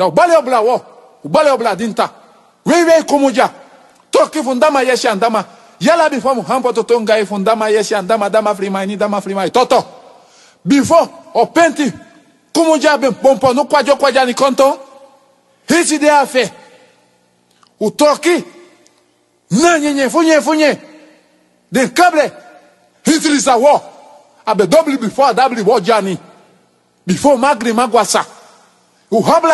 na ugbali ọbụla wọ ugbali ọbụla dị nta rere kumuja toki fundama yesi andama yala bifo mu to tonga ngai fundama yeshi andama dama frimai ni dama frimai toto bifo openti kumuja bin pompo nu kwajo kwaja ni konto hisi de afe utoki na nyenye funye funye de kable hisi lisa wo abe dobli before adabli wo jani before magri magwasa uhabla